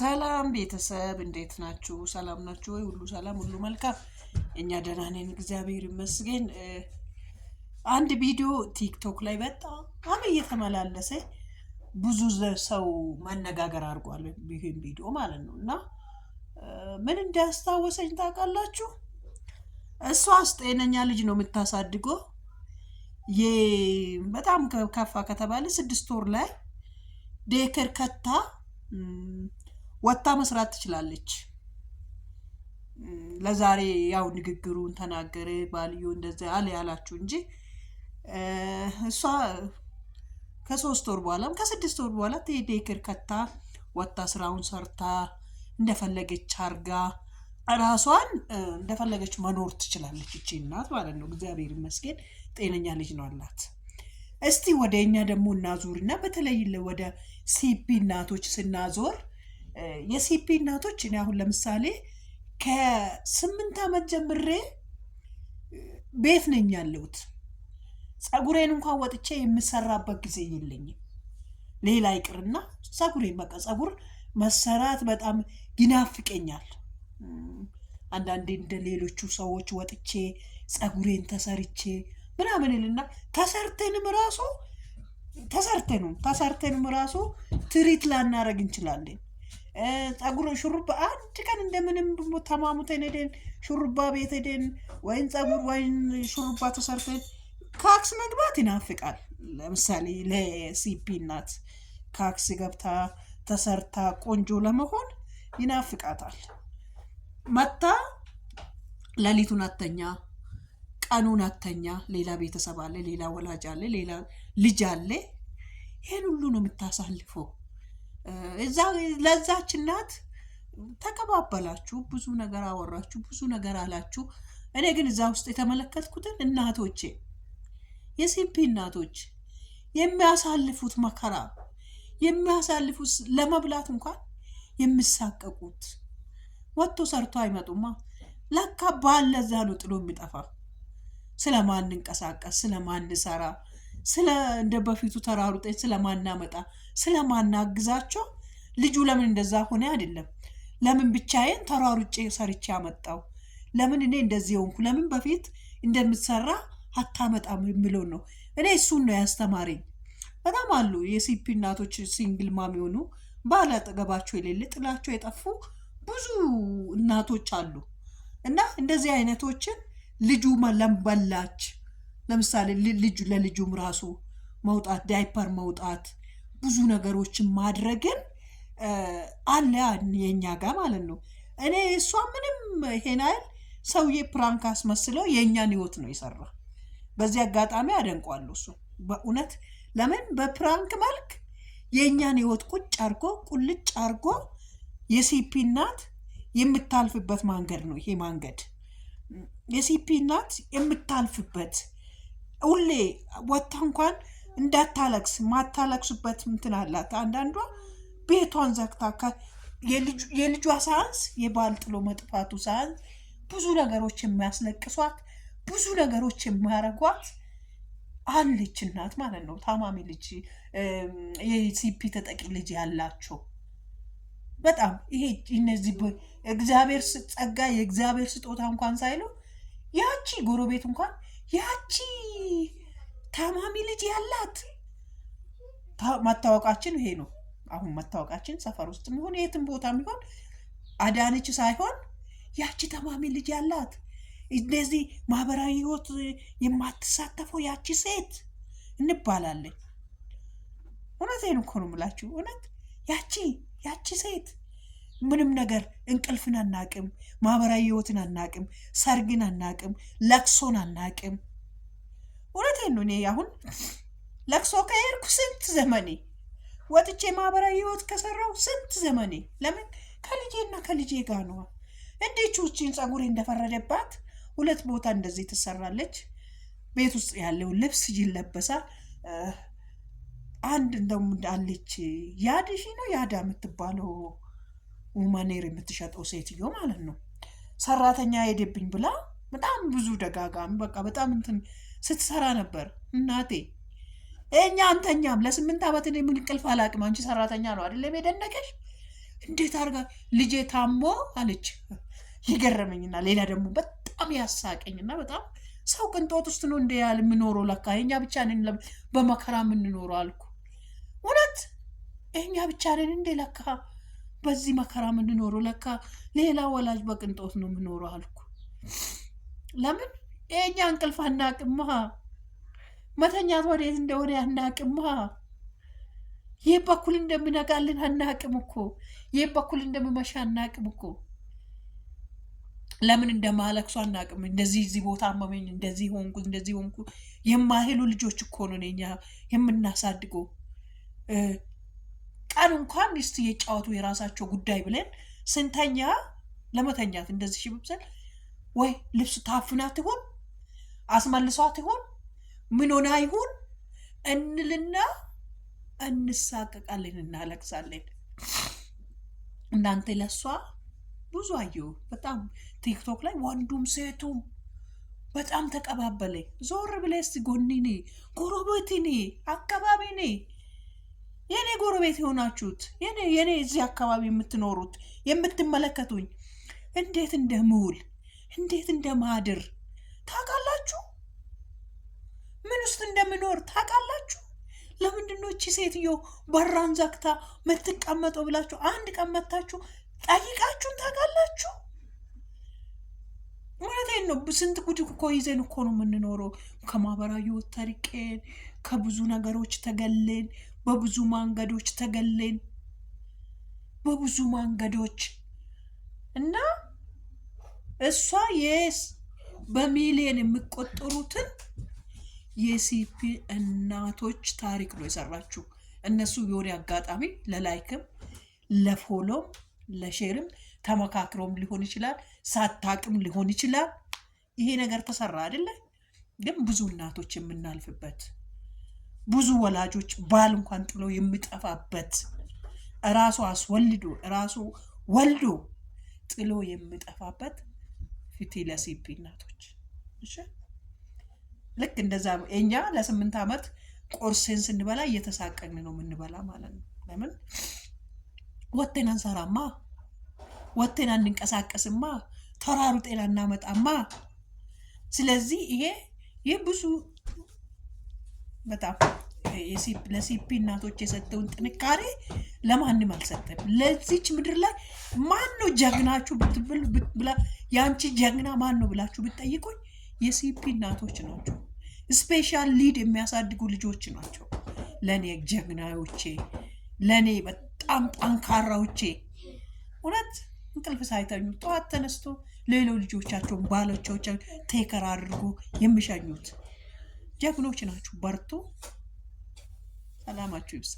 ሰላም ቤተሰብ እንዴት ናችሁ? ሰላም ናችሁ ወይ? ሁሉ ሰላም፣ ሁሉ መልካም። እኛ ደህና ነን፣ እግዚአብሔር ይመስገን። አንድ ቪዲዮ ቲክቶክ ላይ በጣም እየተመላለሰ ብዙ ሰው መነጋገር አድርጓል። ይህን ቪዲዮ ማለት ነው እና ምን እንዳያስታወሰኝ ታውቃላችሁ? እሷ አስጤነኛ ልጅ ነው የምታሳድጎ በጣም ከፋ ከተባለ ስድስት ወር ላይ ዴከር ከታ ወጥታ መስራት ትችላለች። ለዛሬ ያው ንግግሩን ተናገረ ባልዮ እንደዚ አለ ያላችሁ እንጂ እሷ ከሶስት ወር በኋላም ከስድስት ወር በኋላ ቴዴክር ከታ ወጥታ ስራውን ሰርታ እንደፈለገች አርጋ ራሷን እንደፈለገች መኖር ትችላለች። እቺ እናት ማለት ነው። እግዚአብሔር ይመስገን ጤነኛ ልጅ ነው አላት። እስቲ ወደ እኛ ደግሞ እና በተለይ ወደ ሲቢ እናቶች ስናዞር የሲፒ እናቶች እኔ አሁን ለምሳሌ ከስምንት ዓመት ጀምሬ ቤት ነኝ ያለሁት። ጸጉሬን እንኳን ወጥቼ የምሰራበት ጊዜ የለኝም። ሌላ ይቅርና ጸጉሬን በቃ ጸጉር መሰራት በጣም ይናፍቀኛል። አንዳንዴ እንደ ሌሎቹ ሰዎች ወጥቼ ጸጉሬን ተሰርቼ ምናምን ልና ተሰርተንም ራሱ ተሰርተኑ ተሰርተንም ራሱ ትሪት ላናረግ እንችላለን። ጸጉር ሹሩባ አንድ ቀን እንደምንም ተማሙተን ሄደን ሹሩባ ቤት ሄደን ወይም ጸጉር ወይም ሹሩባ ተሰርተን ካክስ መግባት ይናፍቃል። ለምሳሌ ለሲቢ እናት ካክስ ገብታ ተሰርታ ቆንጆ ለመሆን ይናፍቃታል። መታ ሌሊቱን አተኛ፣ ቀኑን አተኛ። ሌላ ቤተሰብ አለ፣ ሌላ ወላጅ አለ፣ ሌላ ልጅ አለ። ይህን ሁሉ ነው የምታሳልፈው። እዛ ለዛች እናት ተቀባበላችሁ፣ ብዙ ነገር አወራችሁ፣ ብዙ ነገር አላችሁ። እኔ ግን እዛ ውስጥ የተመለከትኩትን እናቶቼ የሲፒ እናቶች የሚያሳልፉት መከራ የሚያሳልፉት ለመብላት እንኳን የሚሳቀቁት ወጥቶ ሰርቶ አይመጡማ። ለካ ባል ለዛ ነው ጥሎ የሚጠፋ ስለማንንቀሳቀስ ስለማንሰራ ስለ እንደ በፊቱ ተራሩጠኝ ስለማናመጣ ስለማናግዛቸው ልጁ ለምን እንደዛ ሆነ አይደለም። ለምን ብቻዬን ተሯሩጬ ሰርቼ ያመጣው ለምን እኔ እንደዚህ የሆንኩ ለምን በፊት እንደምትሰራ አታመጣም የምለው ነው። እኔ እሱን ነው ያስተማረኝ። በጣም አሉ የሲፒ እናቶች ሲንግል ማም የሆኑ ባለ አጠገባቸው የሌለ ጥላቸው የጠፉ ብዙ እናቶች አሉ እና እንደዚህ አይነቶችን ልጁ መለምበላች ለምሳሌ ልጁ ለልጁም ራሱ መውጣት ዳይፐር መውጣት ብዙ ነገሮችን ማድረግን አለ የእኛ ጋር ማለት ነው። እኔ እሷ ምንም ሄናይል ሰውዬ ፕራንክ አስመስለው የእኛን ህይወት ነው የሰራ። በዚህ አጋጣሚ አደንቋለሁ እሱ በእውነት ለምን በፕራንክ መልክ የእኛን ህይወት ቁጭ አርጎ ቁልጭ አርጎ የሲፒ እናት የምታልፍበት መንገድ ነው ይሄ መንገድ የሲፒ እናት የምታልፍበት ሁሌ ወታ እንኳን እንዳታለቅስ ማታለቅሱበት እንትን አላት። አንዳንዷ ቤቷን ዘግታ የልጇ ሳያንስ የባል ጥሎ መጥፋቱ ሳያንስ ብዙ ነገሮች የሚያስለቅሷት ብዙ ነገሮች የሚያረጓት አለች እናት ማለት ነው። ታማሚ ልጅ የሲፒ ተጠቂ ልጅ ያላቸው በጣም ይሄ እነዚህ እግዚአብሔር ጸጋ የእግዚአብሔር ስጦታ እንኳን ሳይለው ያቺ ጎረቤት እንኳን ያቺ ታማሚ ልጅ ያላት መታወቃችን ይሄ ነው። አሁን መታወቃችን ሰፈር ውስጥ የሚሆን የትም ቦታ የሚሆን አዳነች ሳይሆን ያቺ ታማሚ ልጅ ያላት እንደዚህ ማህበራዊ ህይወት የማትሳተፈው ያቺ ሴት እንባላለን። እውነቴን እኮ ነው የምላችሁ። እውነት ያቺ ያቺ ሴት ምንም ነገር እንቅልፍን አናቅም፣ ማህበራዊ ህይወትን አናቅም፣ ሰርግን አናቅም፣ ለቅሶን አናቅም። እውነቴን ነው። እኔ አሁን ለቅሶ ከሄድኩ ስንት ዘመኔ ወጥቼ ማህበራዊ ህይወት ከሰራው ስንት ዘመኔ። ለምን ከልጄና ከልጄ ጋር ነዋ። እንዴች ውችን ፀጉሬ እንደፈረደባት ሁለት ቦታ እንደዚህ ትሰራለች። ቤት ውስጥ ያለው ልብስ ይለበሳል። አንድ እንደውም አለች ያድሽ ነው ያዳ የምትባለው ውመኔር የምትሸጠው ሴትዮ ማለት ነው። ሰራተኛ ሄደብኝ ብላ በጣም ብዙ ደጋጋሚ በቃ በጣም እንትን ስትሰራ ነበር እናቴ። እኛ አንተኛም ለስምንት ዓመት እኔ ምን እንቅልፍ አላቅም። አንቺ ሰራተኛ ነው አይደለም የደነቀሽ? እንዴት አድርጋ ልጄ ታሞ አለች። ይገረመኝና ሌላ ደግሞ በጣም ያሳቀኝና በጣም ሰው ቅንጦት ውስጥ ነው እንደ ያል የምኖረው ለካ እኛ ብቻ ነን በመከራ የምንኖረው አልኩ። እውነት እኛ ብቻ ነን እንዴ ለካ በዚህ መከራ የምንኖረው ለካ ሌላ ወላጅ በቅንጦት ነው የምኖረው አልኩ። ለምን ይሄኛ እንቅልፍ አናቅማ፣ መተኛት ወዴት እንደሆነ አናቅማ፣ ይህ በኩል እንደምነጋልን አናቅም እኮ፣ ይህ በኩል እንደምመሻ አናቅም እኮ ለምን እንደማለቅሱ አናቅም። እንደዚህ እዚህ ቦታ አመመኝ፣ እንደዚህ ሆንኩ፣ እንደዚህ ሆንኩ የማይሉ ልጆች እኮ ነው እኛ የምናሳድገው። ቀን እንኳን ሚስት እየጫወቱ የራሳቸው ጉዳይ ብለን ስንተኛ ለመተኛት እንደዚህ ሽብብሰል ወይ ልብስ ታፍናት ይሆን አስመልሷት ይሆን ምን ሆና ይሆን እንልና እንሳቀቃለን፣ እናለቅሳለን። እናንተ ለሷ ብዙ አየሁ። በጣም ቲክቶክ ላይ ወንዱም ሴቱም በጣም ተቀባበለ። ዞር ብለስ ጎኒኔ ጎረቤቲኔ አካባቢኔ የእኔ ጎረቤት የሆናችሁት የእኔ እዚህ አካባቢ የምትኖሩት የምትመለከቱኝ እንዴት እንደምውል እንዴት እንደማድር ታውቃላችሁ? ምን ውስጥ እንደምኖር ታውቃላችሁ? ለምንድኖች ሴትዮ በራን ዘግታ የምትቀመጠው ብላችሁ አንድ ቀን መታችሁ ጠይቃችሁን ታውቃላችሁ? እውነቴን ነው። ስንት ጉድ እኮ ይዘን እኮ ነው የምንኖረው። ከማህበራዊ ህይወት ተርቄን፣ ከብዙ ነገሮች ተገለን በብዙ መንገዶች ተገለን በብዙ መንገዶች እና እሷ የስ በሚሊዮን የሚቆጠሩትን የሲፒ እናቶች ታሪክ ነው የሰራችው። እነሱ የሆነ አጋጣሚ ለላይክም ለፎሎም ለሼርም ተመካክሮም ሊሆን ይችላል፣ ሳታቅም ሊሆን ይችላል። ይሄ ነገር ተሰራ አይደለ? ግን ብዙ እናቶች የምናልፍበት ብዙ ወላጆች ባል እንኳን ጥሎ የሚጠፋበት እራሱ አስወልዶ እራሱ ወልዶ ጥሎ የሚጠፋበት ፍትህ ለሲፒ እናቶች። ልክ እንደዛ እኛ ለስምንት ዓመት ቆርሴን ስንበላ እየተሳቀን ነው የምንበላ ማለት ነው። ለምን ወጥተን አንሰራማ፣ ወጥተን አንንቀሳቀስማ፣ ተራሩ ጤና እናመጣማ። ስለዚህ ይሄ ይህ ብዙ በጣም ለሲፒ እናቶች የሰጠውን ጥንካሬ ለማንም አልሰጠም። ለዚች ምድር ላይ ማን ነው ጀግናችሁ ብላ የአንቺ ጀግና ማን ነው ብላችሁ ብትጠይቁኝ የሲፒ እናቶች ናቸው። ስፔሻል ሊድ የሚያሳድጉ ልጆች ናቸው። ለእኔ ጀግናዎቼ፣ ለእኔ በጣም ጠንካራዎቼ እውነት እንቅልፍ ሳይተኙ ጠዋት ተነስቶ ሌሎ ልጆቻቸውን ባሎቻቸውን ቴከር አድርጎ የሚሸኙት ጀግኖች ናችሁ። በርቶ ሰላማችሁ ይብዛ።